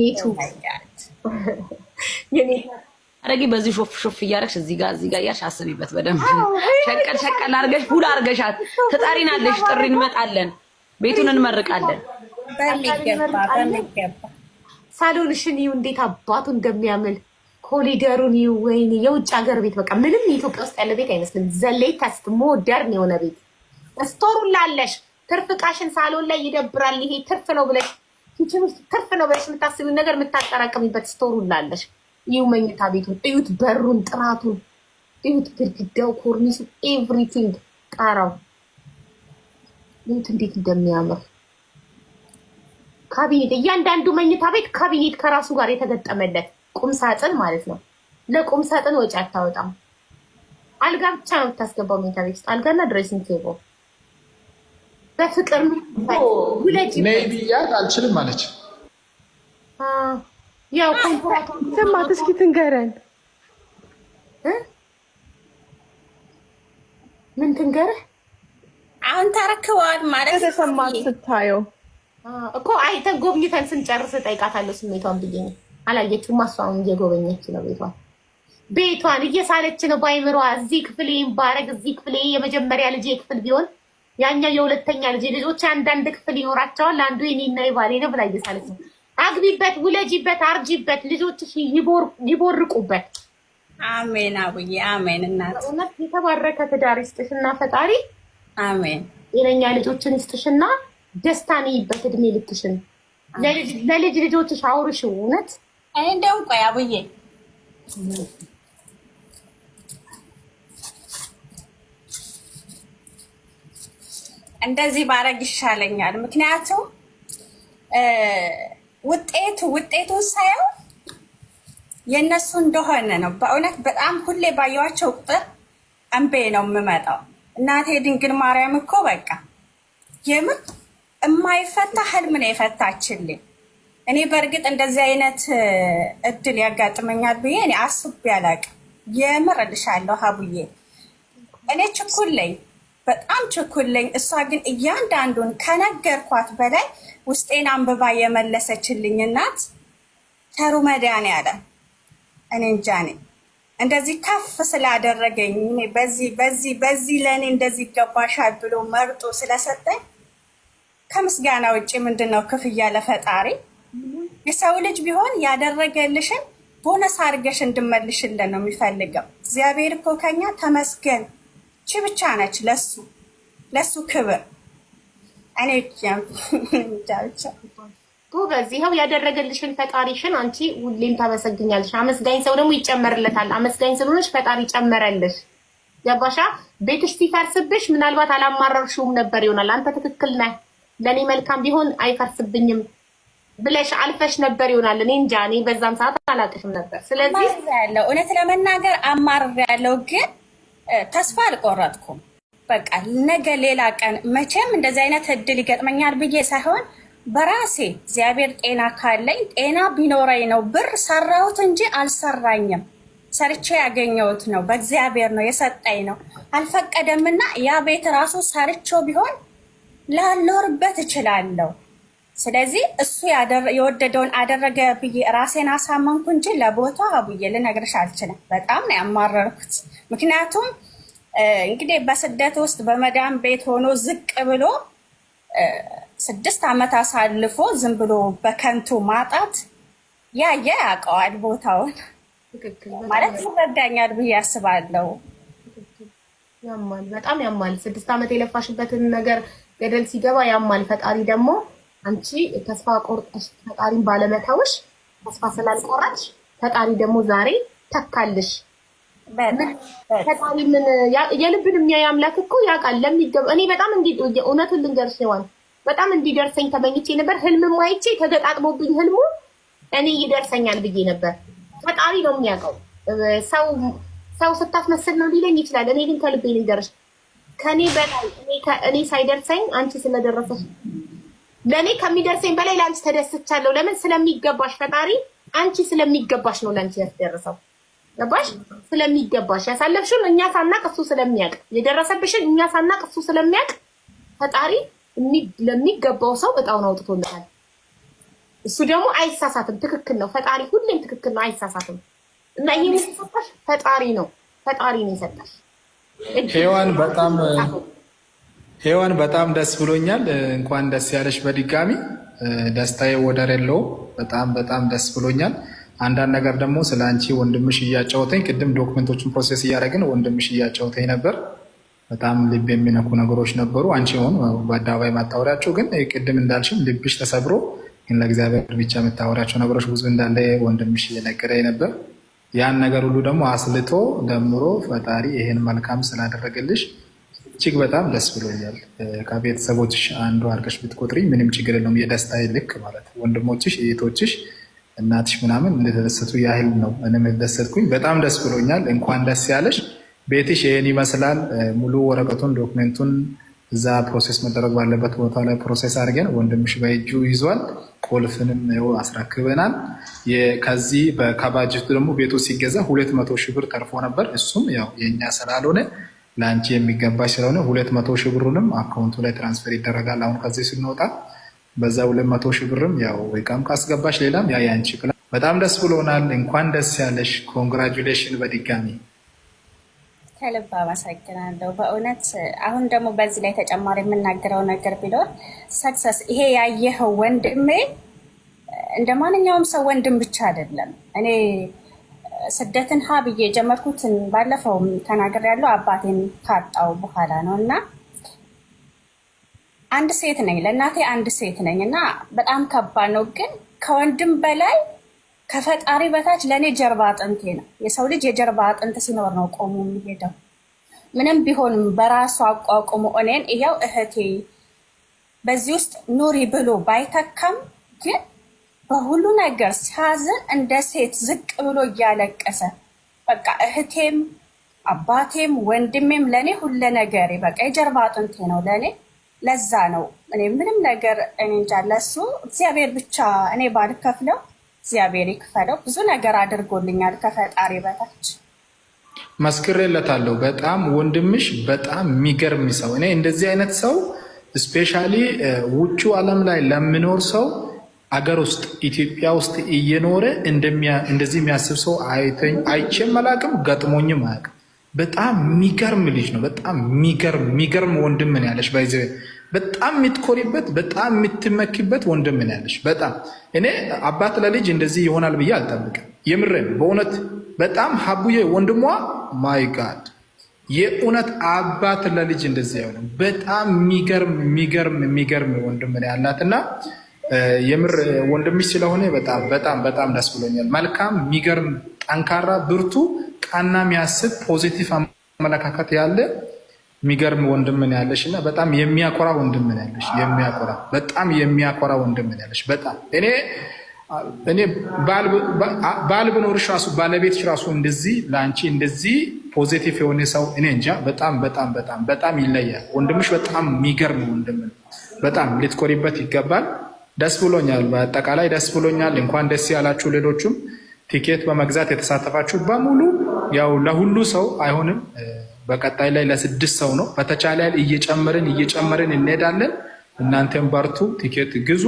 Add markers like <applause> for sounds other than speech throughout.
Oh <laughs> አረጊ በዚህ ሾፍ ሾፍ እያረግሽ እዚህ ጋር እዚህ ጋር እያልሽ አስቢበት በደንብ። ሸቀል ሸቀል አርገሽ ፉል አርገሻት ትጠሪናለሽ። ጥሪ እንመጣለን፣ ቤቱን እንመርቃለን። በሚገባ በሚገባ ሳሎንሽን ይሁ እንዴት አባቱ እንደሚያምል ኮሊደሩን ይሁ። ወይኔ የውጭ ሀገር ቤት በቃ ምንም የኢትዮጵያ ውስጥ ያለ ቤት አይመስልም። ዘሌተስት ሞደርን የሆነ ቤት ስቶሩን ላለሽ ሳሎን ላይ ይደብራል። ይሄ ትርፍ ነው ብለሽ ኪችን ውስጥ ትርፍ ነው በሽ የምታስቢው ነገር የምታጠራቅሚበት ስቶሩ ላለሽ ይሁ መኝታ ቤቱን እዩት፣ በሩን፣ ጥራቱን እዩት፣ ግድግዳው፣ ኮርኒሱ፣ ኤቭሪቲንግ ጣራው እዩት እንዴት እንደሚያምር ካቢኔት፣ እያንዳንዱ መኝታ ቤት ካቢኔት ከራሱ ጋር የተገጠመለት ቁም ሳጥን ማለት ነው። ለቁም ሳጥን ወጪ አታወጣም። አልጋ ብቻ ነው የምታስገባው መኝታ ቤት ውስጥ አልጋና ድሬሲንግ ቴብል በፍቅር አልችልም አለች። ያው እስኪ ትንገረን፣ ምን አሁን ማለት ስታየው እኮ አይተን ጎብኝተን ስንጨርስ እጠይቃታለሁ ስሜቷን ብዬ ነው። አላየችውም። እየጎበኘች ነው ቤቷን ቤቷን እየሳለች ነው ባይምሯ። እዚህ ክፍሌ ባረግ፣ እዚህ ክፍሌ የመጀመሪያ ልጅ ክፍል ቢሆን ያኛው የሁለተኛ ልጅ ልጆች አንዳንድ ክፍል ይኖራቸዋል። አንዱ የኔና የባሌ ነው ብላ እየሳለች ነው። አግቢበት፣ ውለጂበት፣ አርጂበት፣ ልጆችሽ ይቦርቁበት። አሜን አቡዬ፣ አሜን እናት። የተባረከ ትዳር ይስጥሽና ፈጣሪ አሜን። ጤነኛ ልጆችን ይስጥሽና ደስታን ይበት እድሜ ልክሽን ለልጅ ልጆችሽ አውርሽው። እውነት እንደው ቆይ አቡዬ እንደዚህ ማድረግ ይሻለኛል። ምክንያቱም ውጤቱ ውጤቱ ሳየው የእነሱ እንደሆነ ነው። በእውነት በጣም ሁሌ ባየዋቸው ቁጥር እንቤ ነው የምመጣው። እናቴ ድንግል ማርያም እኮ በቃ የምር የማይፈታ ህልም ነው የፈታችልኝ። እኔ በእርግጥ እንደዚህ አይነት እድል ያጋጥመኛል ብዬ እኔ አስቤ አላቅም። የምር እልሻለሁ ሀቡዬ እኔ ችኩል በጣም ችኩልኝ። እሷ ግን እያንዳንዱን ከነገርኳት በላይ ውስጤን አንብባ የመለሰችልኝ እናት ተሩ መድኃኒዓለም እኔ እንጃ እንደዚህ ከፍ ስላደረገኝ በዚህ በዚህ በዚህ ለእኔ እንደዚህ ይገባሻል ብሎ መርጦ ስለሰጠኝ ከምስጋና ውጭ ምንድን ነው ክፍያ ለፈጣሪ? የሰው ልጅ ቢሆን ያደረገልሽን ቦነስ አድርገሽ እንድመልሽልን ነው የሚፈልገው። እግዚአብሔር እኮ ከኛ ተመስገን ቺ ብቻ ነች ለሱ ለሱ ክብር እኔ ብቻ ጎበዝ። ይኸው ያደረገልሽን ፈጣሪሽን አንቺ ሁሌም ታመሰግኛለሽ። አመስጋኝ ሰው ደግሞ ይጨመርለታል። አመስጋኝ ስለሆነች ፈጣሪ ጨመረልሽ። ገባሻ? ቤትሽ ሲፈርስብሽ ምናልባት አላማረርሽውም ነበር ይሆናል። አንተ ትክክል ነህ፣ ለእኔ መልካም ቢሆን አይፈርስብኝም ብለሽ አልፈሽ ነበር ይሆናል። እኔ እንጃ፣ እኔ በዛም ሰዓት አላቅሽም ነበር። ስለዚህ እውነት ለመናገር አማርር ያለው ግን ተስፋ አልቆረጥኩም። በቃ ነገ ሌላ ቀን መቼም እንደዚህ አይነት እድል ይገጥመኛል ብዬ ሳይሆን በራሴ እግዚአብሔር ጤና ካለኝ ጤና ቢኖረኝ ነው። ብር ሰራሁት እንጂ አልሰራኝም። ሰርቼ ያገኘሁት ነው። በእግዚአብሔር ነው የሰጠኝ ነው። አልፈቀደምና ያ ቤት ራሱ ሰርቼው ቢሆን ላልኖርበት እችላለሁ። ስለዚህ እሱ የወደደውን አደረገ ብዬ ራሴን አሳመንኩ እንጂ ለቦታ ብዬ ልነግርሽ አልችልም። በጣም ነው ያማረርኩት። ምክንያቱም እንግዲህ በስደት ውስጥ በመዳም ቤት ሆኖ ዝቅ ብሎ ስድስት ዓመት አሳልፎ ዝም ብሎ በከንቱ ማጣት ያየ ያውቀዋል ቦታውን ማለት ይረዳኛል ብዬ አስባለሁ። ያማል፣ በጣም ያማል። ስድስት ዓመት የለፋሽበትን ነገር ገደል ሲገባ ያማል። ፈጣሪ ደግሞ አንቺ ተስፋ ቆርጠሽ ፈጣሪን ባለመተውሽ ተስፋ ስላልቆረጥሽ ፈጣሪ ደግሞ ዛሬ ተካልሽ። ፈጣሪ ምን የልብን የሚያይ አምላክ እኮ ያውቃል ለሚገባ እኔ በጣም እንዲ እውነቱን ልንገርሽ ይሆን በጣም እንዲደርሰኝ ተመኝቼ ነበር። ህልም ማይቼ ተገጣጥሞብኝ ህልሙ እኔ ይደርሰኛል ብዬ ነበር። ፈጣሪ ነው የሚያውቀው። ሰው ሰው ስታስመስል ነው ሊለኝ ይችላል። እኔ ግን ከልቤ ልንገርሽ ከእኔ በላይ እኔ ሳይደርሰኝ አንቺ ስለደረሰሽ ለእኔ ከሚደርሰኝ በላይ ለአንቺ ተደስቻለሁ። ለምን ስለሚገባሽ ፈጣሪ አንቺ ስለሚገባሽ ነው ለአንቺ ያስደረሰው። ገባሽ? ስለሚገባሽ ያሳለፍሽን እኛ ሳናቅ እሱ ስለሚያቅ የደረሰብሽን እኛ ሳናቅ እሱ ስለሚያቅ ፈጣሪ ለሚገባው ሰው እጣውን አውጥቶልታል። እሱ ደግሞ አይሳሳትም። ትክክል ነው ፈጣሪ ሁሌም ትክክል ነው፣ አይሳሳትም። እና ይሄን የሰጣሽ ፈጣሪ ነው፣ ፈጣሪ ነው የሰጣሽ ሔዋን በጣም ሄዋን በጣም ደስ ብሎኛል። እንኳን ደስ ያለሽ በድጋሚ ደስታዬ ወደር የለውም። በጣም በጣም ደስ ብሎኛል። አንዳንድ ነገር ደግሞ ስለ አንቺ ወንድምሽ እያጫወተኝ ቅድም ዶክመንቶችን ፕሮሴስ እያደረግን ወንድምሽ እያጫወተኝ ነበር። በጣም ልብ የሚነኩ ነገሮች ነበሩ። አንቺ ሆን በአደባባይ ማታወሪያቸው ግን ቅድም እንዳልሽም ልብሽ ተሰብሮ ግን ለእግዚአብሔር ብቻ የምታወሪያቸው ነገሮች ብዙ እንዳለ ወንድምሽ እየነገረኝ ነበር። ያን ነገር ሁሉ ደግሞ አስልቶ ደምሮ ፈጣሪ ይሄን መልካም ስላደረገልሽ እጅግ በጣም ደስ ብሎኛል። ከቤተሰቦችሽ አንዱ አድርገሽ ብትቆጥሪኝ ምንም ችግር የለውም። የደስታ ልክ ማለት ወንድሞችሽ፣ እህቶችሽ፣ እናትሽ ምናምን እንደተደሰቱ ያህል ነው እኔም የተደሰትኩኝ። በጣም ደስ ብሎኛል። እንኳን ደስ ያለሽ። ቤትሽ ይህን ይመስላል። ሙሉ ወረቀቱን ዶክሜንቱን እዛ ፕሮሴስ መደረግ ባለበት ቦታ ላይ ፕሮሴስ አድርገን ወንድምሽ በእጁ ይዟል። ቁልፍንም አስረክበናል። ከዚህ ከባጅቱ ደግሞ ቤቱ ሲገዛ ሁለት መቶ ሺህ ብር ተርፎ ነበር። እሱም ያው የእኛ ስላልሆነ ለአንቺ የሚገባሽ ስለሆነ ሁለት መቶ ሺህ ብሩንም አካውንቱ ላይ ትራንስፈር ይደረጋል። አሁን ከዚህ ስንወጣ በዛ ሁለት መቶ ሺህ ብርም ያው ወይቃም ካስገባሽ ሌላም ያ የአንቺ ክላ በጣም ደስ ብሎናል። እንኳን ደስ ያለሽ። ኮንግራጁሌሽን በድጋሚ ከልብ አመሰግናለሁ። በእውነት አሁን ደግሞ በዚህ ላይ ተጨማሪ የምናገረው ነገር ቢኖር ሰክሰስ ይሄ ያየኸው ወንድሜ እንደ ማንኛውም ሰው ወንድም ብቻ አይደለም እኔ ስደትን ሀ ብዬ የጀመርኩትን ባለፈው ተናገር ያለው አባቴን ካጣው በኋላ ነው እና አንድ ሴት ነኝ፣ ለእናቴ አንድ ሴት ነኝ እና በጣም ከባድ ነው። ግን ከወንድም በላይ ከፈጣሪ በታች ለእኔ ጀርባ አጥንቴ ነው። የሰው ልጅ የጀርባ አጥንት ሲኖር ነው ቆሙ የሚሄደው። ምንም ቢሆንም በራሱ አቋቁሞ እኔን እያው እህቴ በዚህ ውስጥ ኑሪ ብሎ ባይተካም ግን በሁሉ ነገር ሲያዝን እንደ ሴት ዝቅ ብሎ እያለቀሰ በቃ እህቴም አባቴም ወንድሜም ለእኔ ሁለ ነገሬ በቃ የጀርባ አጥንቴ ነው ለእኔ። ለዛ ነው እኔ ምንም ነገር እኔ እንጃ ለሱ እግዚአብሔር ብቻ እኔ ባልከፍለው እግዚአብሔር ይክፈለው። ብዙ ነገር አድርጎልኛል ከፈጣሪ በታች መስክሬለታለሁ። በጣም ወንድምሽ በጣም የሚገርም ሰው። እኔ እንደዚህ አይነት ሰው ስፔሻሊ ውጩ ዓለም ላይ ለሚኖር ሰው አገር ውስጥ ኢትዮጵያ ውስጥ እየኖረ እንደዚህ የሚያስብ ሰው አይቼም አላቅም፣ ገጥሞኝም አያቅም። በጣም የሚገርም ልጅ ነው። በጣም የሚገርም የሚገርም ወንድም ነው ያለሽ። ባይዘ በጣም የምትኮሪበት በጣም የምትመኪበት ወንድም ነው ያለሽ። በጣም እኔ አባት ለልጅ እንደዚህ ይሆናል ብዬ አልጠብቅም። የምረን በእውነት በጣም ሀቡዬ ወንድሟ ማይ ጋድ የእውነት አባት ለልጅ እንደዚህ አይሆንም። በጣም የሚገርም የሚገርም የሚገርም ወንድም ነው ያላት እና የምር ወንድምሽ ስለሆነ በጣም በጣም በጣም ደስ ብሎኛል። መልካም፣ የሚገርም፣ ጠንካራ፣ ብርቱ፣ ቀና የሚያስብ ፖዚቲቭ አመለካከት ያለ የሚገርም ወንድምን ያለሽ እና በጣም የሚያኮራ ወንድምን ያለሽ የሚያኮራ በጣም የሚያኮራ ወንድምን ያለሽ በጣም እኔ እኔ ባል ብኖርሽ ራሱ ባለቤትሽ ራሱ እንደዚህ ለአንቺ እንደዚህ ፖዚቲቭ የሆነ ሰው እኔ እንጃ። በጣም በጣም በጣም በጣም ይለያል ወንድምሽ። በጣም የሚገርም ወንድም በጣም ልትኮሪበት ይገባል። ደስ ብሎኛል። በአጠቃላይ ደስ ብሎኛል። እንኳን ደስ ያላችሁ። ሌሎቹም ቲኬት በመግዛት የተሳተፋችሁ በሙሉ ያው ለሁሉ ሰው አይሆንም። በቀጣይ ላይ ለስድስት ሰው ነው። በተቻለ ያህል እየጨመርን እየጨመርን እንሄዳለን። እናንተም በርቱ፣ ቲኬት ግዙ።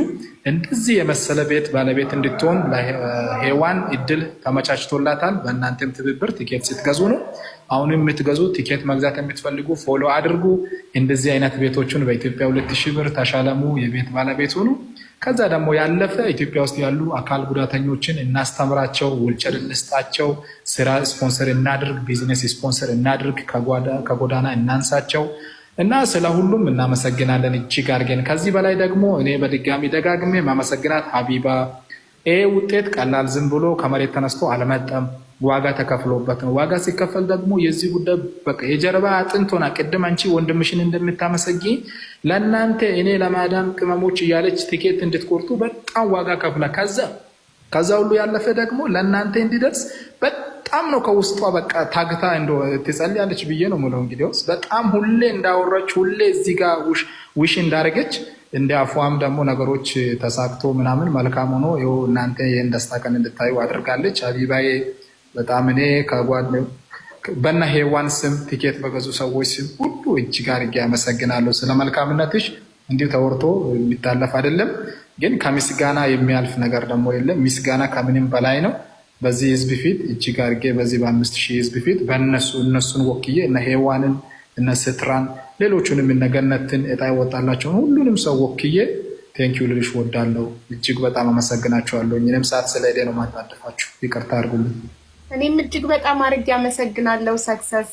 እንደዚህ የመሰለ ቤት ባለቤት እንድትሆን ለሔዋን እድል ተመቻችቶላታል። በእናንተም ትብብር ቲኬት ስትገዙ ነው። አሁንም የምትገዙ ቲኬት መግዛት የምትፈልጉ ፎሎ አድርጉ። እንደዚህ አይነት ቤቶችን በኢትዮጵያ ሁለት ሺህ ብር ተሻለሙ፣ የቤት ባለቤት ሁኑ። ከዛ ደግሞ ያለፈ ኢትዮጵያ ውስጥ ያሉ አካል ጉዳተኞችን እናስተምራቸው፣ ውልጭር እንስጣቸው፣ ስራ ስፖንሰር እናድርግ፣ ቢዝነስ ስፖንሰር እናድርግ፣ ከጎዳና እናንሳቸው። እና ስለ ሁሉም እናመሰግናለን እጅግ አድርገን። ከዚህ በላይ ደግሞ እኔ በድጋሚ ደጋግሜ ማመሰግናት ሀቢባ ይህ ውጤት ቀላል ዝም ብሎ ከመሬት ተነስቶ አልመጠም ዋጋ ተከፍሎበት ነው። ዋጋ ሲከፈል ደግሞ የዚህ ጉዳይ የጀርባ አጥንት ሆና ቅድም አንቺ ወንድምሽን እንደምታመሰጊ ለእናንተ እኔ ለማዳም ቅመሞች እያለች ትኬት እንድትቆርጡ በጣም ዋጋ ከፍላ ከዛ ከዛ ሁሉ ያለፈ ደግሞ ለእናንተ እንዲደርስ በጣም ነው ከውስጧ በቃ ታግታ እንደ ትጸልያለች ብዬ ነው እንግዲህ ውስጥ በጣም ሁሌ እንዳወራች ሁሌ እዚህ ጋር ውሽ እንዳደረገች እንደ አፏም ደግሞ ነገሮች ተሳክቶ ምናምን መልካም ሆኖ ይኸው እናንተ ይህን ደስታ ቀን እንድታዩ አድርጋለች። አቢባዬ በጣም እኔ ከጓድ በና ሄዋን ስም ቲኬት በገዙ ሰዎች ስም ሁሉ ጋር አድርጌ አመሰግናለሁ ስለ መልካምነትሽ እንዲሁ ተወርቶ የሚታለፍ አይደለም፣ ግን ከምስጋና የሚያልፍ ነገር ደግሞ የለም። ምስጋና ከምንም በላይ ነው። በዚህ ህዝብ ፊት እጅግ አድርጌ በዚህ በአምስት ሺህ ህዝብ ፊት በእነሱ እነሱን ወክዬ እነ ሄዋንን እነ ስትራን ሌሎቹንም እነገነትን እጣ ይወጣላቸውን ሁሉንም ሰው ወክዬ ቴንኪዩ ልልሽ ወዳለው እጅግ በጣም አመሰግናቸዋለሁ። እኔም ሰዓት ስለሄደ ነው ማታደፋችሁ፣ ይቅርታ አድርጉልኝ። እኔም እጅግ በጣም አድርጌ አመሰግናለሁ። ሰክሰስ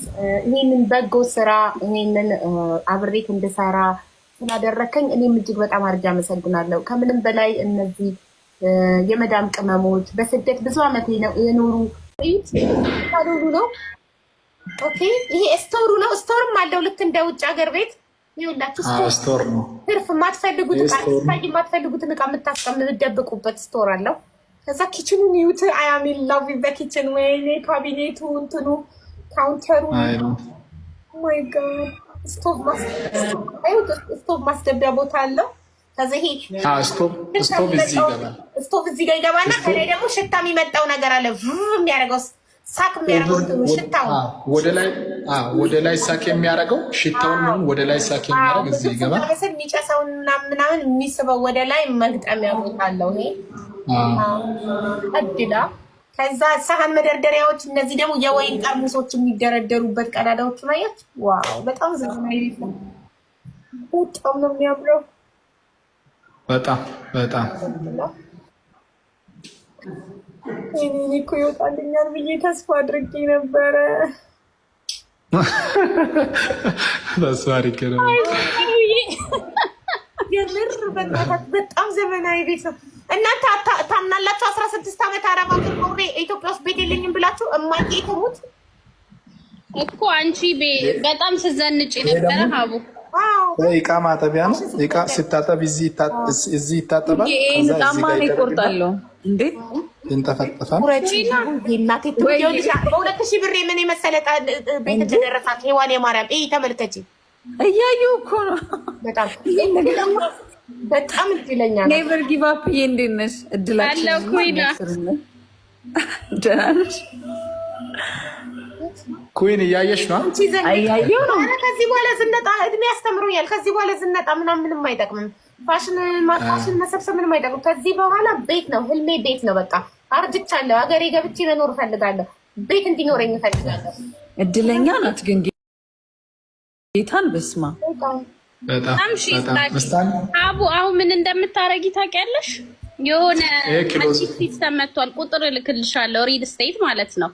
ይህንን በጎ ስራ ይህንን አብሬት እንድሰራ ስላደረከኝ እኔም እጅግ በጣም አድርጌ አመሰግናለሁ። ከምንም በላይ እነዚህ የመዳም ቅመሞች በስደት ብዙ ዓመት የኖሩ ሩሉ ነው። ኦኬ ይሄ ስቶሩ ነው። ስቶርም አለው ልክ እንደ ውጭ ሀገር ቤት ይኸውላችሁ ስቶር ነው። ትርፍ የማትፈልጉት የማትፈልጉትን እቃ የምታስቀም የምትደብቁበት ስቶር አለው። ከዛ ኪችኑን ይዩት። አያሚን ላቪ በኪችን ወይኔ ካቢኔቱ እንትኑ ካውንተሩ ማይ ጋድ ስቶቭ ማስገቢያ ቦታ አለው። ከዚ ስቶቭ እዚህ ጋር ይገባና ከላይ ደግሞ ሽታ የሚመጣው ነገር አለ የሚያደርገው ሳክ የሚያደርገው ሽታው ወደ ላይ ሳክ የሚያደርገው ሽታውን ወደ ላይ ሳክ የሚያደርግ እዚህ ይገባል። የሚጨሰውና ምናምን የሚስበው ወደ ላይ መግጠሚያ ቦታ አለው። ይሄ እድላ ከዛ ሳህን መደርደሪያዎች፣ እነዚህ ደግሞ የወይን ጠርሙሶች የሚደረደሩበት ቀዳዳዎቹ ናያች። ዋው በጣም ዘመናዊ ቤት ነው። በጣም ነው የሚያምረው። በጣም በጣም እኔ እኮ ይወጣልኛል ብዬ ተስፋ አድርጌ ነበረ። ተስፋ አድርጌ የምር በጣም ዘመናዊ ቤት ነው። እናንተ ታምናላችሁ? አስራ ስድስት ዓመት አረባ ኖሬ ኢትዮጵያ ውስጥ ቤት የለኝም ብላችሁ እማዬ ተሙት እኮ አንቺ በጣም ስዘንጭ ነበረ ሀቡ እቃ ማጠቢያ ነው። እቃ ሲታጠብ እዚህ ይታጠባል። ጣማ እንዴ ይንጠፈጠፋል። በሁለት ብር ምን የመሰለ ቤት እንደደረሳት ሔዋን የማርያም ይህ ተመልከች። እያዩ እኮ ነው። በጣም በጣም እድለኛ ነው። ኔቨር ጊቭ አፕ። እንዴት ነሽ? እድላችን ደህና ነሽ? ኩን እያየሽ ነው። እያየሁ ነው። ከዚህ በኋላ ዝነጣ እድሜ ያስተምሩኛል። ከዚህ በኋላ ዝነጣ ምናምን ምንም አይጠቅምም። ፋሽን ፋሽን መሰብሰብ ምንም አይጠቅም። ከዚህ በኋላ ቤት ነው ህልሜ፣ ቤት ነው በቃ። አርጅቻለሁ። ሀገሬ ገብቼ መኖር እፈልጋለሁ። ቤት እንዲኖረኝ እፈልጋለሁ። እድለኛ ናት ግን ጌታን በስማ አቡ አሁን ምን እንደምታረጊ ታውቂያለሽ? የሆነ ፊት ተመቷል። ቁጥር እልክልሻለሁ። ሪል ስቴት ማለት ነው።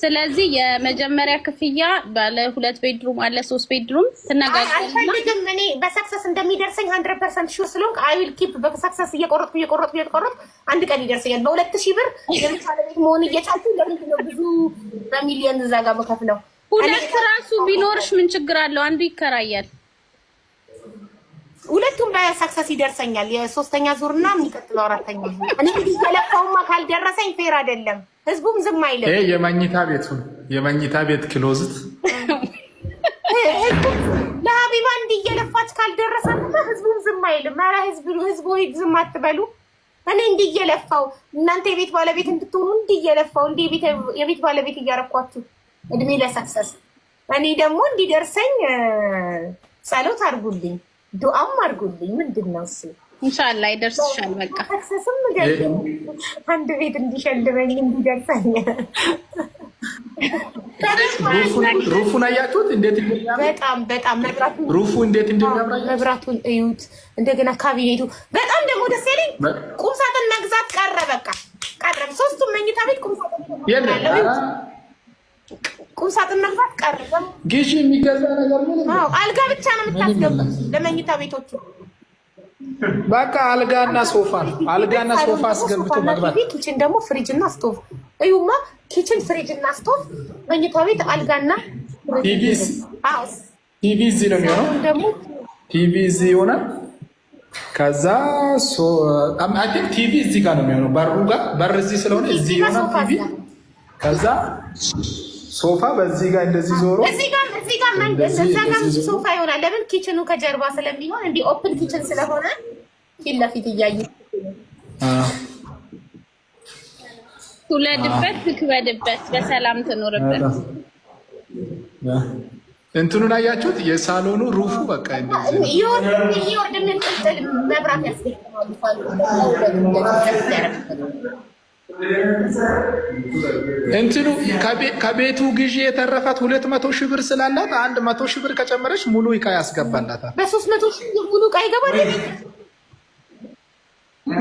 ስለዚህ የመጀመሪያ ክፍያ ባለ ሁለት ቤድሩም አለ ሶስት ቤድሩም ትነጋገርልግም እኔ በሰክሰስ እንደሚደርሰኝ ሀንድረድ ፐርሰንት ሹር ስለሆንክ አይል ኪፕ በሰክሰስ እየቆረጥኩ እየቆረጥኩ እየቆረጥኩ አንድ ቀን ይደርሰኛል። በሁለት ሺህ ብር የምቻለ ቤት መሆን እየቻልኩ ለምንድን ነው ብዙ በሚሊዮን እዛ ጋር መከፍለው? ሁለት ራሱ ቢኖርሽ ምን ችግር አለው? አንዱ ይከራያል። ሁለቱም በሰክሰስ ይደርሰኛል። የሶስተኛ ዙርና የሚቀጥለው አራተኛ እኔ እንግዲህ ከለፋውማ ካልደረሰኝ ፌር አይደለም። ህዝቡም ዝም አይልም። የመኝታ ቤቱን የመኝታ ቤት ክሎዝት ለሀቢባ እንዲህ እየለፋች ካልደረሰና ህዝቡም ዝም አይልም። ኧረ ህዝቡ ዝም አትበሉ። እኔ እንዲህ እየለፋው እናንተ የቤት ባለቤት እንድትሆኑ እንዲህ እየለፋው እንዲህ የቤት ባለቤት እያረኳችሁ እድሜ ለሰክሰስ እኔ ደግሞ እንዲደርሰኝ ጸሎት አድርጉልኝ፣ ዱአም አድርጉልኝ። ምንድን ነው እሱ? ኢንሻአላህ ይደርስሻል። በቃ አክሰስም አንድ ቤት እንዲሸልበኝ እንዲደርሰኝ ሩፉን አያችሁት? እንዴት በጣም በጣም ሩፉ እንዴት እንደሚያምራ መብራቱን እዩት። እንደገና ካቢኔቱ በጣም ደግሞ ደስ ያለኝ ቁምሳጥን መግዛት ቀረ። በቃ ቀረ። ሶስቱም መኝታ ቤት ቁምሳጥን ቁምሳጥን መግዛት ቀረ። ግዢ የሚገዛ ነገር ምን አልጋ ብቻ ነው የምታስገቡት ለመኝታ ቤቶቹ በቃ አልጋና ሶፋ አልጋና ሶፋ አስገብቶ መግባት። ኪችን ደግሞ እና ስቶቭ እዩማ። ኪችን ፍሪጅ እና ስቶቭ፣ መኝታ ቤት አልጋና ቲቪ ቲቪ እዚህ ነው የሚሆነው። ቲቪ እዚህ ይሆናል። ከዛ ቲቪ እዚህ ጋር ነው የሚሆነው። በሩ ጋር በር እዚህ ስለሆነ እዚህ ይሆናል ቲቪ ከዛ ሶፋ በዚህ ጋር እንደዚህ ዞሮ እዚህ ጋር እዚህ ጋር መንገድ እዛ ጋር ሶፋ ይሆናል። ለምን ኪችኑ ከጀርባ ስለሚሆን እንዲህ ኦፕን ኪችን ስለሆነ ፊት ለፊት እያየ ሁለድበት ትክበድበት፣ በሰላም ትኖርበት። እንትኑን አያችሁት? የሳሎኑ ሩፉ በቃ እንደዚህ ይወርድ። መብራት ያስገኛል እንትኑ ከቤቱ ግዢ የተረፋት ሁለት መቶ ሺህ ብር ስላላት አንድ መቶ ሺህ ብር ከጨመረች ሙሉ እቃ ያስገባላታል። በሶስት መቶ ሺህ ሙሉ እቃ ይገባል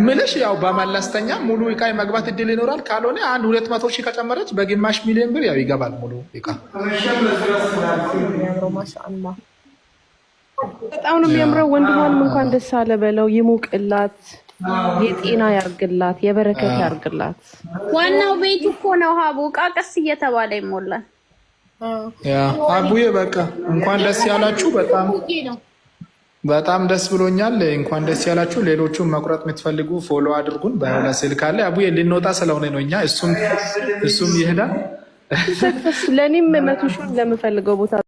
ምልሽ ያው በመለስተኛ ሙሉ እቃ የመግባት እድል ይኖራል። ካልሆነ አንድ ሁለት መቶ ሺህ ከጨመረች በግማሽ ሚሊዮን ብር ያው ይገባል ሙሉ እቃ። በጣም ነው የሚያምረው። ወንድሟንም እንኳን ደስ አለ በለው፣ ይሙቅላት የጤና ያርግላት፣ የበረከት ያርግላት። ዋናው ቤት እኮ ነው ሀቡ። ዕቃ ቀስ እየተባለ ይሞላል። አቡዬ በቃ እንኳን ደስ ያላችሁ። በጣም በጣም ደስ ብሎኛል። እንኳን ደስ ያላችሁ። ሌሎቹን መቁረጥ የምትፈልጉ ፎሎ አድርጉን። በሆነ ስልክ አለ አቡዬ ልንወጣ ስለሆነ ነው እኛ እሱም ይሄዳል። ለእኔም መቶ ሺህ ለምፈልገው ቦታ